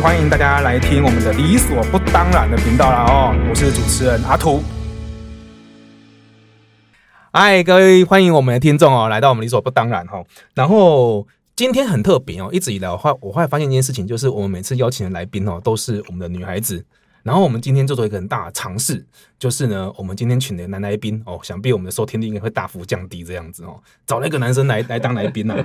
歡迎大家來聽我們的理所不當然的頻道啦哦，我是主持人阿圖。嗨，各位，歡迎我們的聽眾哦，來到我們理所不當然哈。然後今天很特別哦，一直以來我發我會發現一件事情，就是我們每次邀請的來賓哦，都是我們的女孩子。然後我們今天做出一個很大的嘗試，就是呢，我們今天請的男來賓哦，想必我們的收聽率應該會大幅降低這樣子哦，找了一個男生來來當來賓呢，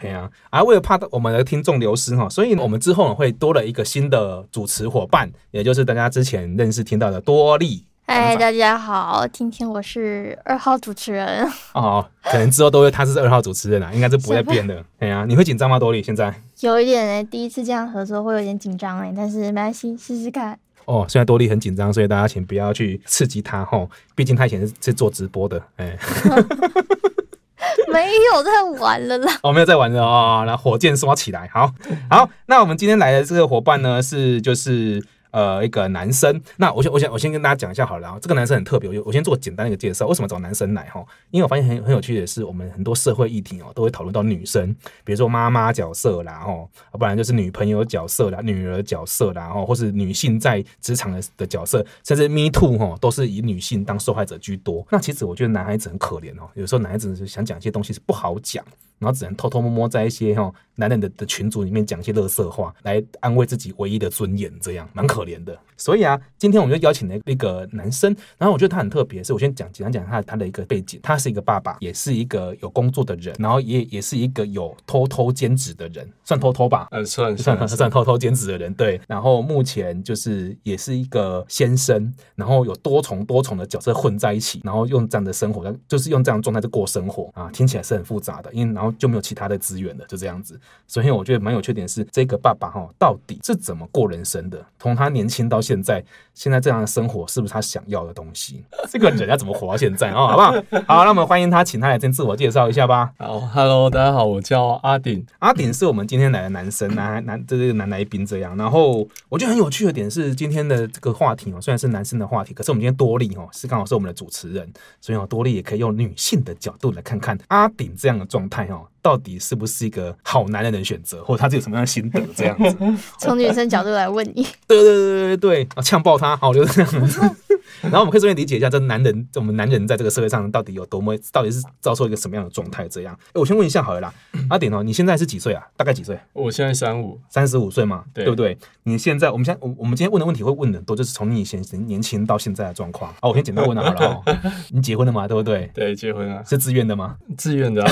對呀、 啊。而為了怕我們的聽眾流失哈、哦，所以我們之後呢會多了一個新的主持夥伴，也就是大家之前認識聽到的多莉。嗨 Hi,，hi, 大家好，今天我是二號主持人。哦，可能之後都會他是二號主持人啦、啊，應該是不會再變哎呀、 啊，你會緊張嗎，多莉？現在有一點哎、欸，第一次這樣合作會有點緊張哎、欸，但是沒關係，試試看。哦，雖然多莉很緊張，所以大家請不要去刺激他吼，畢竟他以前是，是做直播的，哎、欸， 沒有在玩了啦，我、哦、沒有在玩了啊，那、哦、火箭刷起來，好，好，那我們今天來的這個夥伴呢，是就是。呃，一個男生，那我先我先我先跟大家講一下好了，然後這個男生很特別，我我先做簡單一個介紹。為什麼找男生來哈？因為我發現很很有趣的是，我們很多社會議題哦，都會討論到女生，比如說媽媽角色啦，吼、啊，不然就是女朋友角色啦、女兒角色啦，然後或是女性在職場的的角色，甚至 me too 吼都是以女性當受害者居多。那其實我覺得男孩子很可憐哦，有時候男孩子想講一些東西是不好講。然後只能偷偷摸摸在一些哈男人的的群組裡面講一些垃圾話，來安慰自己唯一的尊嚴，這樣蠻可憐的。所以啊，今天我們就邀請了那個男生，然後我覺得他很特別，是我先講簡單講他他的一個背景。他是一個爸爸，也是一個有工作的人，然後也也是一個有偷偷兼職的人，算偷偷吧，呃，算算算，算偷偷兼職的人，對。然後目前就是也是一個先生，然後有多重多重的角色混在一起，然後用這樣的生活，就是用這樣的狀態在過生活啊，聽起來是很複雜的，因為然後。就沒有其他的資源了，就這樣子。所以我覺得蠻有趣的點是這個爸爸哈，到底是怎麼過人生的？從他年輕到現在，現在這樣的生活是不是他想要的東西？這個人家怎麼活到現在啊、 哦？好不好？好，那我們歡迎他，請他來先自我介紹一下吧。好哈嘍，Hello，大家好，我叫阿頂。阿頂、啊、是我們今天來的男生， 男孩、男這個、就是、男來賓這樣。然後我覺得很有趣的點是今天的這個話題哦，雖然是男生的話題，可是我們今天多莉哦是剛好是我們的主持人，所以多莉也可以用女性的角度來看看阿頂這樣的狀態哦。到底是不是一個好男人的選擇？或者他是有什麼樣的心得？這樣子，從 女生角度來問你。對對對對對對，嗆爆他！好，就這樣子。 然後我們可以順便理解一下，這男人，我們男人在這個社會上到底有多麼，到底是遭受一個什麼樣的狀態？這樣，我先問一下好了，阿頂哦，你現在是幾歲啊？大概幾歲？我現在三五，三十五歲嘛，對不對？你現在，我們現在，我們今天問的問題會問的多，就是從你以前年輕到現在的狀況。哦，我先簡單問了好了哦。你結婚了嗎？對不對？對，結婚啊，是自願的嗎？自願的，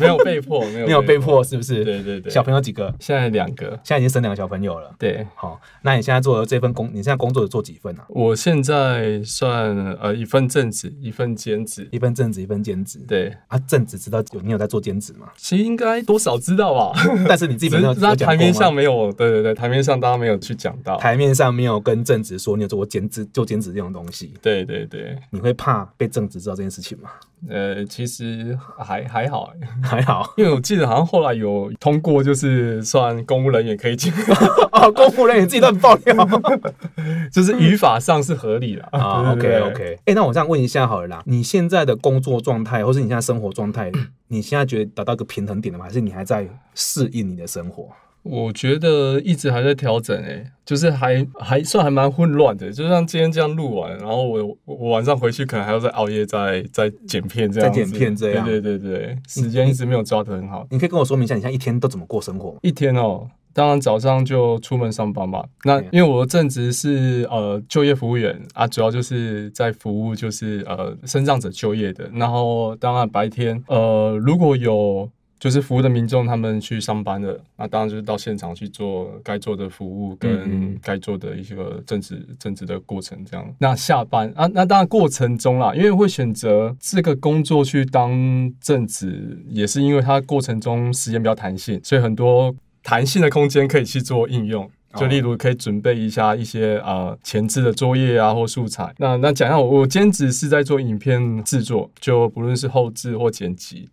沒有被迫，沒有，沒有被迫，是不是？對對對。小朋友幾個？現在兩個，現在已經生兩個小朋友了。對，好，那你現在做這份工，你現在工作有做幾份呢？我現在。對，算呃、一份正職一份兼職，一份正職一份兼職。對啊，正職知道有，你有在做兼職嗎？其實應該多少知道吧， 但是你自己上知道。台面上沒有，有對對對，台面上大家沒有去講，到台面上沒有跟正職說你有做過兼職，做兼職這種東西。對對對，你會怕被正職知道這件事情嗎？呃，其實還還好、欸、還好，因為我記得好像後來有通過，就是算公務人員可以進、 哦。公務人員自己都爆料， 就是語法上是合理的。啊，OK OK，哎、欸，那我這樣問一下好了啦，你現在的工作狀態，或是你現在生活狀態，你現在覺得達到一個平衡點了嗎？還是你還在適應你的生活？我覺得一直還在調整、欸，哎，就是還還算還蠻混亂的、欸，就像今天這樣錄完，然後我我晚上回去可能還要再熬夜再，再剪再剪片這樣。再剪片這樣，對對對對，時間一直沒有抓得很好你你。你可以跟我說明一下，你現在一天都怎麼過生活？一天哦。當然，早上就出門上班嘛。那因為我的正職是呃就業服務員啊，主要就是在服務就是呃身障者就業的。然後當然白天呃如果有就是服務的民眾他們去上班的，那當然就是到現場去做該做的服務跟該做的一個正職、嗯嗯、正職的過程這樣。那下班啊，那當然過程中啦，因為會選擇這個工作去當正職，也是因為它過程中時間比較彈性，所以很多。彈性的空間可以去做應用，就例如可以準備一下一些、oh. 呃前置的作業啊或素材。那那講一下我我兼職是在做影片制作，就不論是後製或剪輯。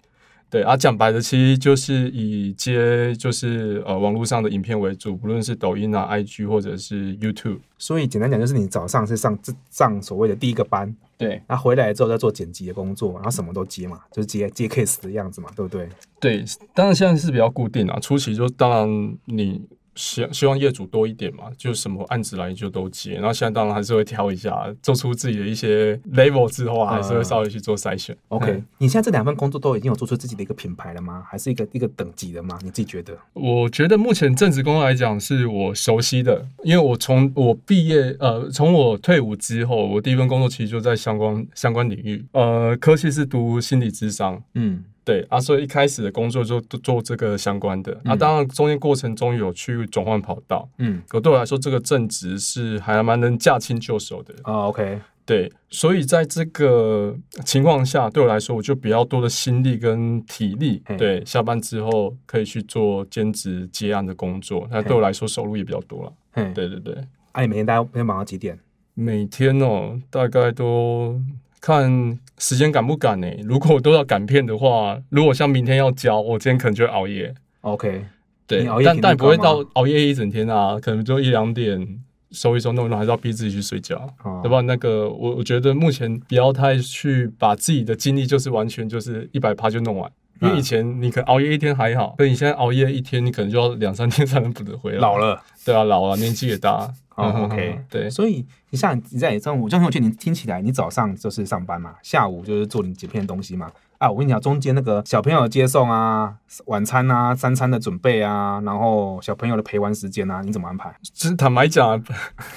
對啊，講白的，其實就是以接就是呃網絡上的影片為主，不論是抖音啊、IG 或者是 YouTube。所以簡單講，就是你早上是上上所謂的第一個班，對，那、啊、回來之後再做剪輯的工作，然後什麼都接嘛，就是接接 case 的樣子嘛，對不對？對，當然現在是比較固定啊。初期就當然你。希希望業主多一點嘛，就什麼案子來就都接。然後現在當然還是會挑一下，做出自己的一些 label 之後還是會稍微去做篩選。Uh, OK，、嗯、你現在這兩份工作都已經有做出自己的一個品牌了嗎？還是一個一個等級的嗎？你自己覺得？我覺得目前正職工作來講是我熟悉的，因為我從我畢業呃，從我退伍之後，我第一份工作其實就在相關相關領域。呃，科系是讀心理諮商，嗯。對啊，所以一開始的工作就做這個相關的、嗯、啊，當然中間過程中有去轉換跑道，嗯，可對我來說這個正職是還蠻能駕輕就熟的啊、哦。OK，對，所以在這個情況下，對我來說我就比較多的心力跟體力。嘿對，下班之後可以去做兼職接案的工作，那嘿對我來說收入也比較多了。嘿對對對，那、啊、你每天大概每天忙到幾點？每天哦，大概都。看時間趕不趕呢、欸？如果我都要趕片的話，如果像明天要交，我今天可能就會熬夜。OK，對，熬夜但但不會到熬夜一整天啊，可能就一兩點收一收弄一弄，還是要逼自己去睡覺。嗯、對吧？那個我我覺得目前不要太去把自己的精力就是完全就是一百趴就弄完，嗯、因為以前你可能熬夜一天還好，那你現在熬夜一天，你可能就要兩三天才能補得回來。老了，對啊，老了，年紀也大。 哦、oh，OK，嗯、哼哼對，所以你像你在中午，我就像我勸你聽起來，你早上就是上班嘛，下午就是做你剪片東西嘛。啊，我跟你講，中間那個小朋友的接送啊，晚餐啊，三餐的準備啊，然後小朋友的陪玩時間啊，你怎麼安排？其實坦白講，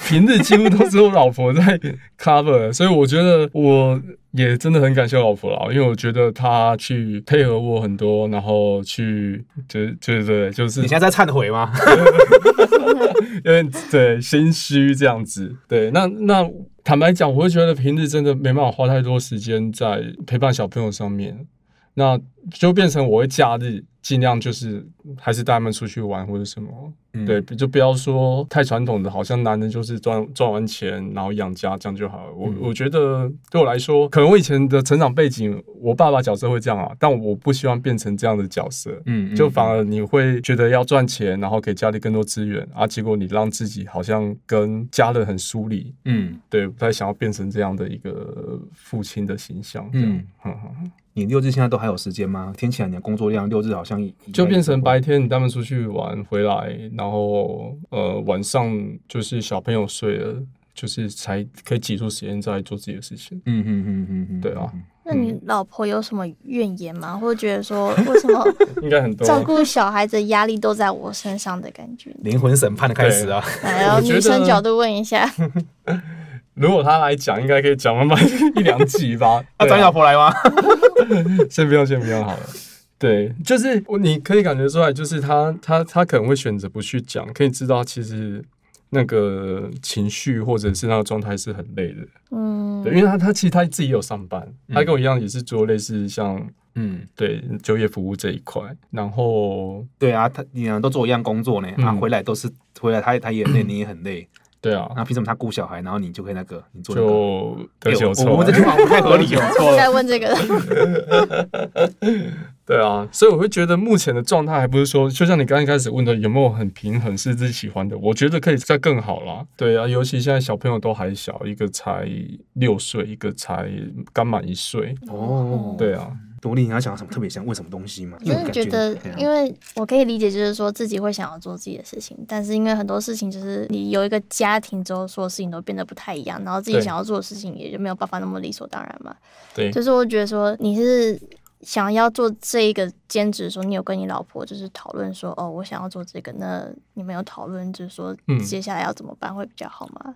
平日幾乎都是我老婆在 cover， 所以我覺得我。也真的很感謝老婆了，因為我覺得她去配合我很多，然後去，對對對，就是。你現在在懺悔嗎？ 有點對心虛這樣子。對，那那坦白講，我會覺得平日真的沒辦法花太多時間在陪伴小朋友上面，那就變成我會假日。盡量就是還是帶他們出去玩，或者什麼，對，就不要說太傳統的，好像男人就是賺賺完錢，然後養家這樣就好了。我我覺得對我來說，可能我以前的成長背景，我爸爸角色會這樣啊，但我不希望變成這樣的角色，嗯，就反而你會覺得要賺錢，然後給家裡更多資源啊，結果你讓自己好像跟家人很疏離，嗯，對，不太想要變成這樣的一個父親的形象。這樣。嗯，好，你六日現在都還有時間嗎？聽起來你的工作量六日好像。就變成白天你帶他們出去玩回來，然後呃晚上就是小朋友睡了，就是才可以擠出時間再做自己的事情。嗯哼，嗯哼，嗯，嗯，對啊吧。那你老婆有什麼怨言嗎？或者覺得說為什麼應該很多照顧小孩子壓力都在我身上的感覺？靈魂審判的開始啊！來，女生角度問一下，呵呵，如果她來講，應該可以講滿滿一兩集吧？ 啊，找你老婆來嗎？先不要，先不要好了。對，就是我，你可以感覺出來，就是他，他，他可能會選擇不去講，可以知道其實那個情緒或者是那個狀態是很累的。嗯，對，因為他他其實他自己有上班，他跟我一樣也是做類似像嗯對就業服務這一塊，然後對啊，他你們都做一樣工作呢？他、嗯啊、回來都是回來他，他他也累，你也很累。 對啊，那憑什麼他顧小孩，然後你就會那個，你就有錯、欸、我們這句話我不合理有錯了，不該問這個。 對啊，所以我會覺得目前的狀態還不是說，就像你剛一開始問的，有沒有很平衡，是自己喜歡的？我覺得可以再更好啦。對啊，尤其現在小朋友都還小，一個才六歲，一個才剛滿一歲。哦，oh. 對啊。多莉，你要想什麼特別想問什麼東西嗎？因為覺得，因為我可以理解，就是說自己會想要做自己的事情，但是因為很多事情，就是你有一個家庭之後，所有事情都變得不太一樣，然後自己想要做的事情也就沒有辦法那麼理所當然嘛。對，就是我覺得說你是想要做這一個兼職的時候，你有跟你老婆就是討論說，哦，我想要做這個，那你們有討論就是說接下來要怎麼辦會比較好嗎？嗯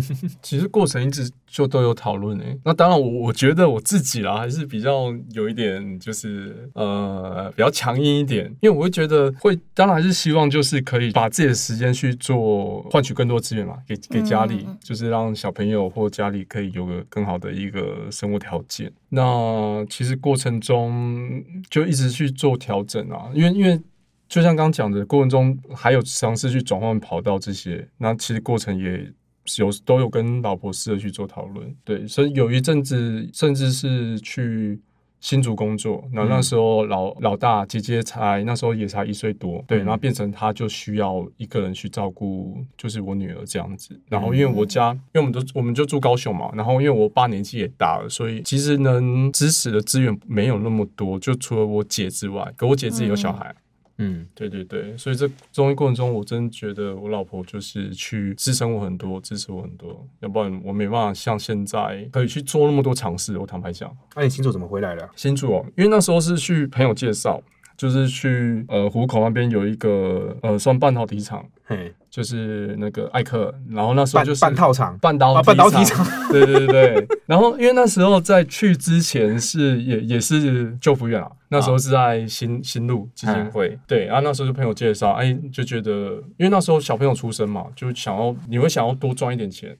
其實過程一直就都有討論誒，那當然我我覺得我自己啦，還是比較有一點就是呃比較強硬一點，因為我會覺得會，當然還是希望就是可以把自己的時間去做，換取更多資源嘛，給給家裡，嗯、就是讓小朋友或家裡可以有個更好的一個生活條件。那其實過程中就一直去做調整啊，因為因為就像剛剛講的過程中，還有嘗試去轉換跑道這些，那其實過程也有都有跟老婆試着去做討論，對，所以有一陣子甚至是去新竹工作，那那時候老、嗯、老大姐姐才那時候也才一歲多，對，嗯、然後變成她就需要一個人去照顧，就是我女兒這樣子。然後因為我家，嗯嗯因為我們都我們就住高雄嘛，然後因為我爸年紀也大了，所以其實能支持的資源沒有那麼多，就除了我姐之外，可我姐自己有小孩。嗯嗯，對對對，所以這中間過程中，我真覺得我老婆就是去支撐我很多，支持我很多，要不然我沒辦法像現在可以去做那麼多嘗試。我坦白講，那、啊、你新主怎麼回來的？新主哦，因為那時候是去朋友介紹。就是去呃湖口那邊有一個呃算半導體廠，嘿就是那個艾克，然後那時候就是半導廠、半導、半導體廠，場，對對對。 然後因為那時候在去之前是也也是救福院啊，那時候是在新新路基金會，啊對啊，那時候就朋友介紹，哎、欸、就覺得因為那時候小朋友出生嘛，就想要你會想要多賺一點錢。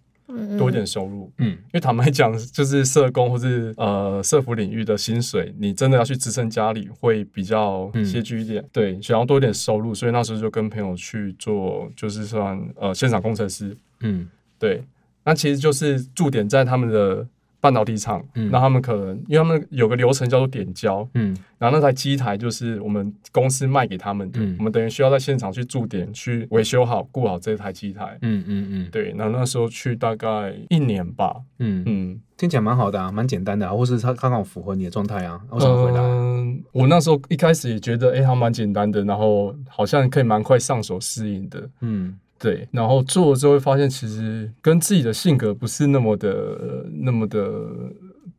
多一點收入，嗯，因為坦白講，就是社工或是呃社服領域的薪水，你真的要去支撐家裡會比較拮據一點。嗯、對，想要多一點收入，所以那時候就跟朋友去做，就是算呃現場工程師，嗯，對，那其實就是駐點在他們的。半導體廠，嗯、那他們可能，因為他們有個流程叫做點膠，嗯，然後那台機台就是我們公司賣給他們的，嗯、我們等於需要在現場去駐點，去維修好、顧好這台機台，嗯嗯嗯，嗯嗯對，然後那時候去大概一年吧，嗯嗯。嗯聽起來蠻好的啊，蠻簡單的啊，或是他剛好符合你的狀態啊，我想回來。嗯，我那時候一開始也覺得，哎、欸，他蠻簡單的，然後好像可以蠻快上手適應的，嗯。對，然後做了之後，會發現其實跟自己的性格不是那麼的、那麼的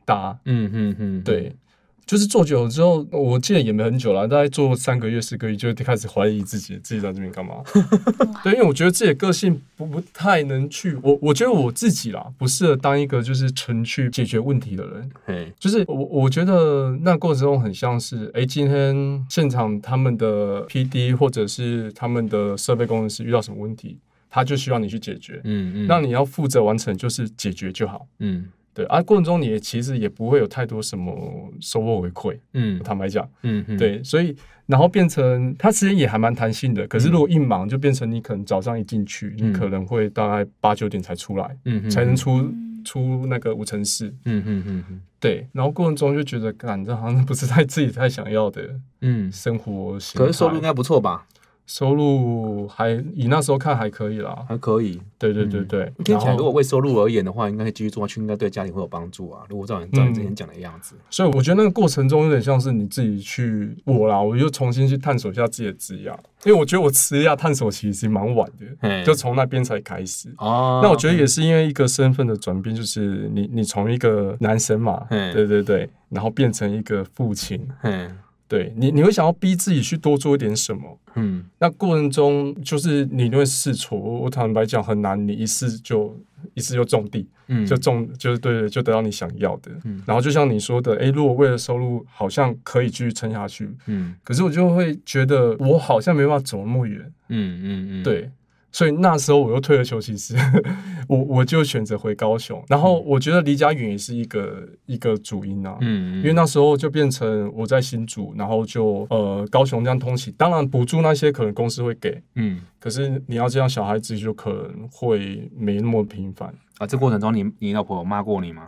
搭。嗯嗯嗯，對。就是做久了之後，我記得也沒很久了，大概做三個月、四個月，就開始懷疑自己，自己在這邊幹嘛？ 對，因為我覺得自己的個性不不太能去，我我覺得我自己啦，不適合當一個就是純去解決問題的人。Okay. 就是我我覺得那過程中很像是，哎，今天現場他們的 P D 或者是他們的設備工程師遇到什麼問題，他就需要你去解決。嗯嗯，嗯那你要負責完成就是解決就好。嗯。對，啊，過程中你也其實也不會有太多什麼收穫回饋。嗯嗯。嗯，坦白講，對，所以然後變成他其實也還蠻彈性的。可是如果一忙，就變成你可能早上一進去，嗯，你可能會大概八九點才出來，嗯嗯，才能出出那個無塵室，嗯，嗯嗯嗯嗯，嗯對。然後過程中就覺得，感覺好像不是太自己太想要的，嗯，生活型態。可是收入應該不錯吧？收入還以那時候看還可以啦，還可以，對對對對。嗯、然後 聽起來如果為收入而言的話，應該繼續做下去，應該對家裡會有幫助啊。如果照你照你之前講的樣子，嗯、所以我覺得那個過程中有點像是你自己去我啦，我又重新去探索一下自己的職業。因為我覺得我職業探索其實是蠻晚的，就從那邊才開始。嘿 那我覺得也是因為一個身份的轉變，就是你你從一個男生嘛，對對對，然後變成一個父親，嘿 對你，你會想要逼自己去多做一點什麼？嗯，那過程中就是你會試錯，我坦白講很難，你一次就一次就種地，嗯，就種就對，對，就得到你想要的。嗯、然後就像你說的，哎、欸，如果為了收入，好像可以繼續撐下去，嗯，可是我就會覺得我好像沒辦法走那麼遠，嗯嗯嗯，對。所以那時候我又退了休，其實我我就選擇回高雄，然後我覺得離家遠也是一個一個主因啊，嗯，嗯，因為那時候就變成我在新竹，然後就呃高雄這樣通勤，當然補助那些可能公司會給，嗯，可是你要這樣小孩子就可能會沒那麼頻繁啊。這過程中你你老婆有罵過你嗎？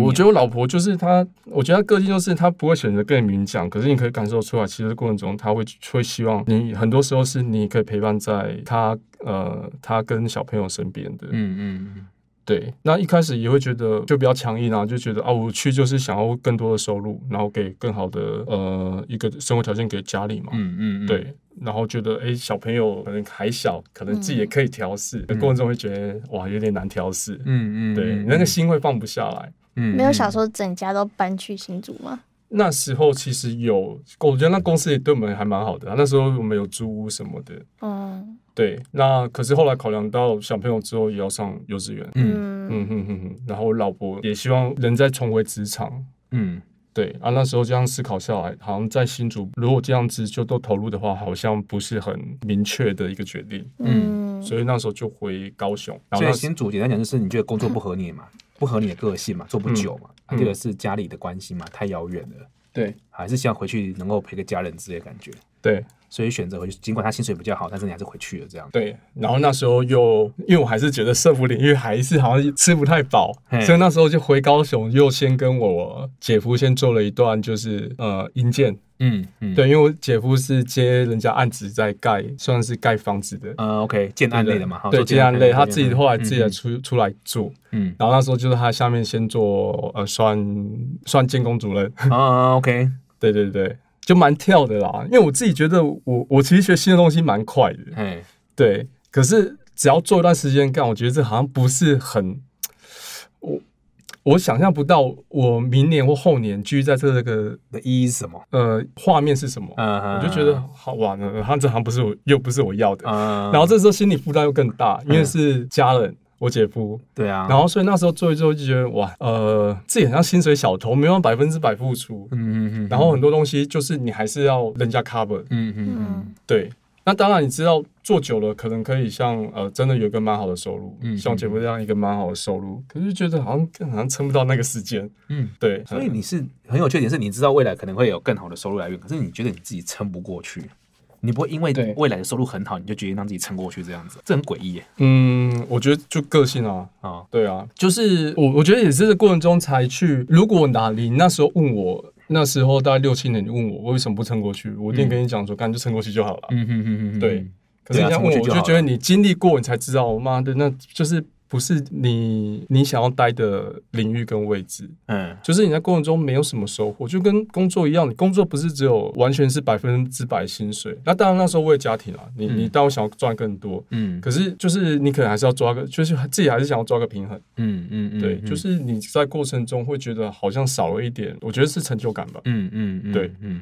我覺得我老婆就是她，我覺得她個性就是她不會選擇跟你明講，可是你可以感受出來，其實過程中她會會希望你，很多時候是你可以陪伴在她呃，她跟小朋友身邊的。嗯嗯，對。那一開始也會覺得就比較強硬啊，就覺得啊，我去就是想要更多的收入，然後給更好的呃一個生活條件給家裡嘛。嗯嗯嗯，嗯嗯對。然後覺得哎、欸，小朋友可能還小，可能自己也可以調試，嗯、過程中會覺得哇，有點難調試、嗯。嗯嗯，對，那個心會放不下來。嗯，沒有想說整家都搬去新竹嗎、嗯嗯？那時候其實有，我覺得那公司也對我們還蠻好的。那時候我們有租屋什麼的。哦、嗯。對，那可是後來考量到小朋友之後也要上幼稚園。嗯嗯嗯嗯。然後我老婆也希望能再重回職場。嗯，對啊，那時候這樣思考下來，好像在新竹如果這樣子就都投入的話，好像不是很明確的一個決定。嗯。所以那時候就回高雄。然後所以新竹簡單講就是你覺得工作不合你嘛？嗯不合你的個性嘛，做不久嘛，這個、嗯啊就是家裡的關係嘛，嗯、太遙遠了，對，還是想回去能夠陪個家人之類的感覺，對。所以選擇回去，儘管他薪水比較好，但是你還是回去了。這樣對。然後那時候又，因為我還是覺得社福領域還是好像吃不太飽，嘿所以那時候就回高雄，又先跟我姐夫先做了一段，就是呃，營建、嗯。嗯嗯。對，因為我姐夫是接人家案子，在蓋，算是蓋房子的。嗯 OK 建案類的嘛。對，對，對，哦、建案類，對案他自己後來自己也出、嗯、哼出來做。嗯。然後那時候就是他下面先做呃，算算監工主任。 啊，OK。對，對對對。就蠻跳的啦，因為我自己覺得我我其實學新的東西蠻快的，嗯，Hey. 對。可是只要做一段時間幹，我覺得這好像不是很，我我想象不到我明年或後年繼續在這個的意義是什麼，呃，畫面是什麼，uh huh. 我就覺得好玩了，然後這好像不是我又不是我要的，uh huh. 然後這時候心理負擔又更大，因為是家人。Uh huh. 我姐夫，對啊，然後所以那時候做一做就覺得哇，呃，自己好像薪水小偷，沒有百分之百付出，嗯嗯嗯，然後很多東西就是你還是要人家 cover，嗯嗯嗯，對，那當然你知道做久了可能可以像呃真的有一個蠻好的收入，嗯哼哼，像姐夫這樣一個蠻好的收入，可是就覺得好像好像撐不到那個時間，嗯，對，所以你是很有缺點是，你知道未來可能會有更好的收入來源，可是你覺得你自己撐不過去。你不會因為未來的收入很好，對你就決定讓自己撐過去這樣子，這很詭異耶。嗯，我覺得就個性啊啊，對啊，就是我我覺得也是這個過程中才去。如果哪裡那時候問我，那時候大概六七年你問我，我為什麼不撐過去，我一定跟你講說，乾脆撐過去就好了。嗯哼哼哼對。可是人家問我，啊、就，我就覺得你經歷過，你才知道。我媽的，那就是。不是你你想要待的領域跟位置，嗯，就是你在過程中沒有什麼收穫，就跟工作一樣，你工作不是只有完全是百分之百薪水。那當然那時候為家庭啊，你你當然想要賺更多，嗯，可是就是你可能還是要抓個，就是自己還是想要抓個平衡，嗯嗯嗯，對，就是你在過程中會覺得好像少了一點，我覺得是成就感吧，嗯嗯嗯，對，嗯。嗯對嗯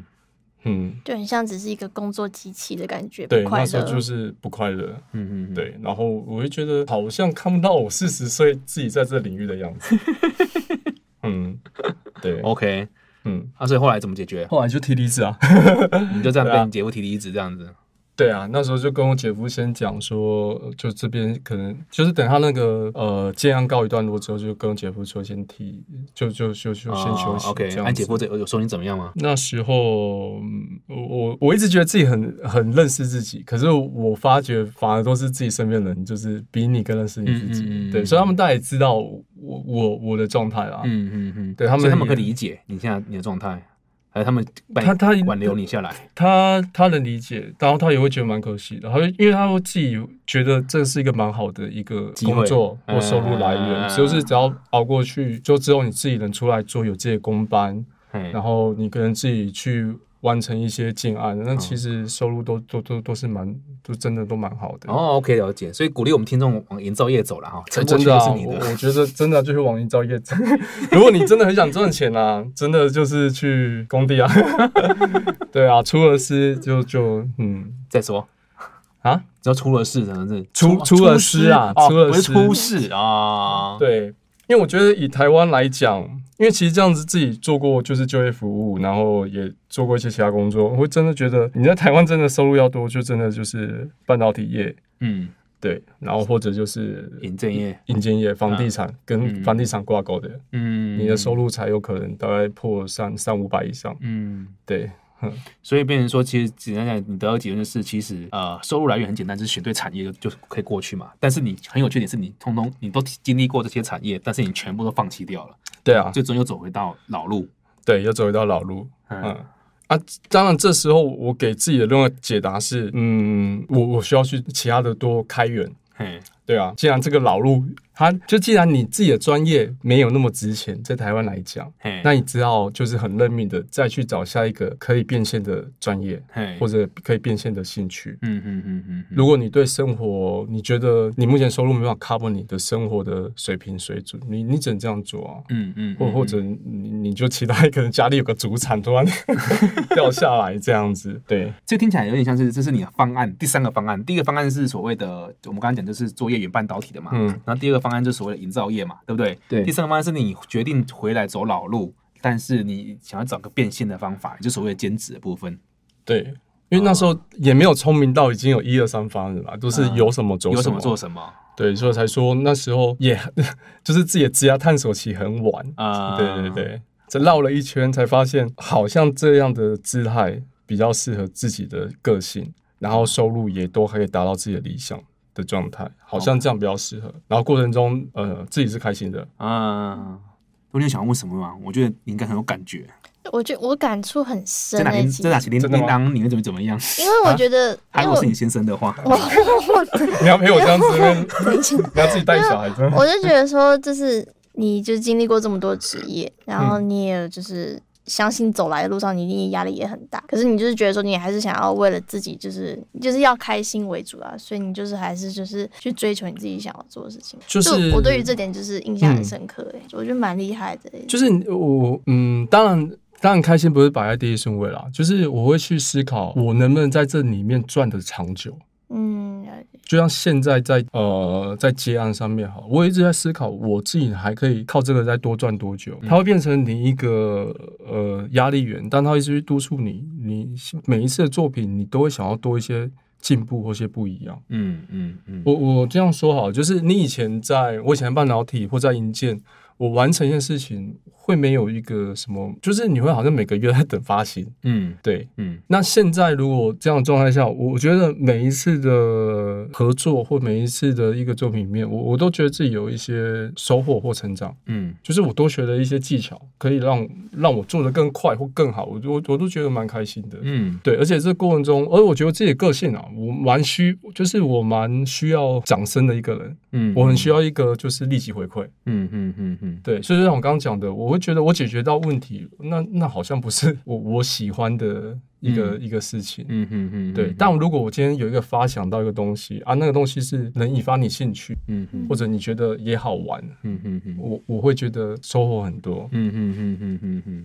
嗯， 就很像只是一個工作機器的感覺，對，不快樂，那時候就是不快樂，嗯嗯哼，對，然後我就覺得好像看不到我四十歲自己在這領域的樣子， 嗯，對，OK，嗯，啊，所以後來怎麼解決？後來就提離職啊， 你就這樣被你姐夫提離職這樣子。對啊，那時候就跟我姐夫先講說，就這邊可能就是等他那個呃建安告一段落之後，就跟我姐夫說先提就就就就先休息。OK，按姐夫這有說你怎麼樣嗎？那時候我我我一直覺得自己很很認識自己，可是我發覺反而都是自己身邊人，就是比你更認識你自己。嗯嗯嗯嗯。對，所以他們大概也知道我我我的狀態啦。嗯嗯嗯。對他們，所以他們可以理解你現在你的狀態。還有他們，他他挽留你下來，他他能理解，然後他也會覺得蠻可惜的，他因為他會自己覺得這是一個蠻好的一個工作或收入來源，嗯、就是只要熬過去，就只有你自己能出來做有這些工班，嗯、然後你可能自己去完成一些建案，那其實收入都都都都是蠻，都真的都蠻好的。哦，oh，OK，了解。所以鼓勵我們聽眾往營造業走了哈，真的、啊，是你的我,我覺得真的就是往營造業走。 如果你真的很想賺錢啊，真的就是去工地啊。 對啊，出了事就就嗯再說啊，只要出了事真的是出出了事啊，出了事出事啊。對，因為我覺得以台灣來講。因為其實這樣子自己做過就是就業服務，然後也做過一些其他工作。我會真的覺得你在台灣真的收入要多，就真的就是半導體業，嗯，對，然後或者就是，營建業，營建業，房地產、啊、跟房地產掛鈎的，嗯，你的收入才有可能大概破三三五百以上，嗯，對。嗯，所以變成說，其實簡單講，你得到結論是，其實呃，收入來源很簡單，就是選對產業就就可以過去嘛。但是你很有缺點，是你通通你都經歷過這些產業，但是你全部都放棄掉了。對啊，最終又走回到老路。對，又走回到老路。嗯啊，當然這時候我給自己的任何解答是，嗯，我我需要去其他的多開源。嘿，對啊，既然這個老路。他就既然你自己的專業沒有那麼值錢，在台灣來講，Hey. 那你只好就是很認命的，再去找下一個可以變現的專業，Hey. 或者可以變現的興趣。嗯嗯嗯嗯。嗯嗯嗯如果你對生活，你覺得你目前收入沒辦法 cover 你的生活的水平水準，你你只能這樣做啊？嗯嗯。或、嗯、或者、嗯、你你就期待可能家裡有個祖產突然 掉下來這樣子。對。這聽起來有點像是這是你的方案第三個方案，第一個方案是所謂的我們剛剛講就是作業員半導體的嘛。嗯。那第二個方。方案就是所謂的營造業嘛，對不對？對。第三個方案是你決定回來走老路，但是你想要找個變現的方法，就所謂的兼職的部分。對，因為那時候也沒有聰明到已經有一二三方案了啦，都、就是有什麼做什麼，嗯、有什麼做什麼。對，所以才說那時候也就是自己的職業探索期很晚啊。嗯、對對對，這繞了一圈才發現，好像這樣的姿態比較適合自己的個性，然後收入也都可以達到自己的理想。的狀態，好像這樣比較適合，然後過程中呃自己是開心的，啊。我有點想問什麼嘛，我覺得你應該很有感覺，我覺我感觸很深。在哪天在哪幾天當你會怎麼怎麼樣？因為我覺得，如果是你先生的話，你要陪我這樣子，你要自己帶小孩，真的，我就覺得說，就是你就經歷過這麼多職業，然後你也就是。相信走來的路上，你一定壓力也很大。可是你就是覺得說，你還是想要為了自己，就是就是要開心為主啊。所以你就是還是就是去追求你自己想要做的事情。就是就我對於這點就是印象很深刻。欸嗯、我覺得蠻厲害的。欸，就是我嗯，當然當然開心不是擺在第一順位啦。就是我會去思考，我能不能在這裡面賺的長久。嗯。就像現在在呃在接案上面好，我一直在思考，我自己還可以靠這個再多賺多久？它會變成你一個呃壓力源，但它一直去督促你，你每一次的作品你都會想要多一些進步或一些不一樣。嗯嗯嗯，嗯嗯我我這樣說好，就是你以前在我以前半導體或在硬件，我完成一件事情。會沒有一個什麼，就是你會好像每個月在等發薪，嗯，對，嗯。那現在如果這樣狀態下，我覺得每一次的合作或每一次的一個作品裡面，我我都覺得自己有一些收穫或成長，嗯，就是我多學了一些技巧，可以讓讓我做得更快或更好，我我我都覺得蠻開心的，嗯，對。而且這過程中，而我覺得自己個性啊，我蠻需，就是我蠻需要掌聲的一個人，嗯嗯，我很需要一個就是立即回饋，嗯嗯嗯嗯，對。所以就像我剛剛講的，我會覺得我解決到問題，那那好像不是我我喜歡的一個、嗯、一個事情。嗯、哼哼，對。嗯、哼哼。但如果我今天有一個發想到一個東西啊，那個東西是能引發你興趣，嗯、哼或者你覺得也好玩，嗯、哼哼，我我會覺得收穫很多。嗯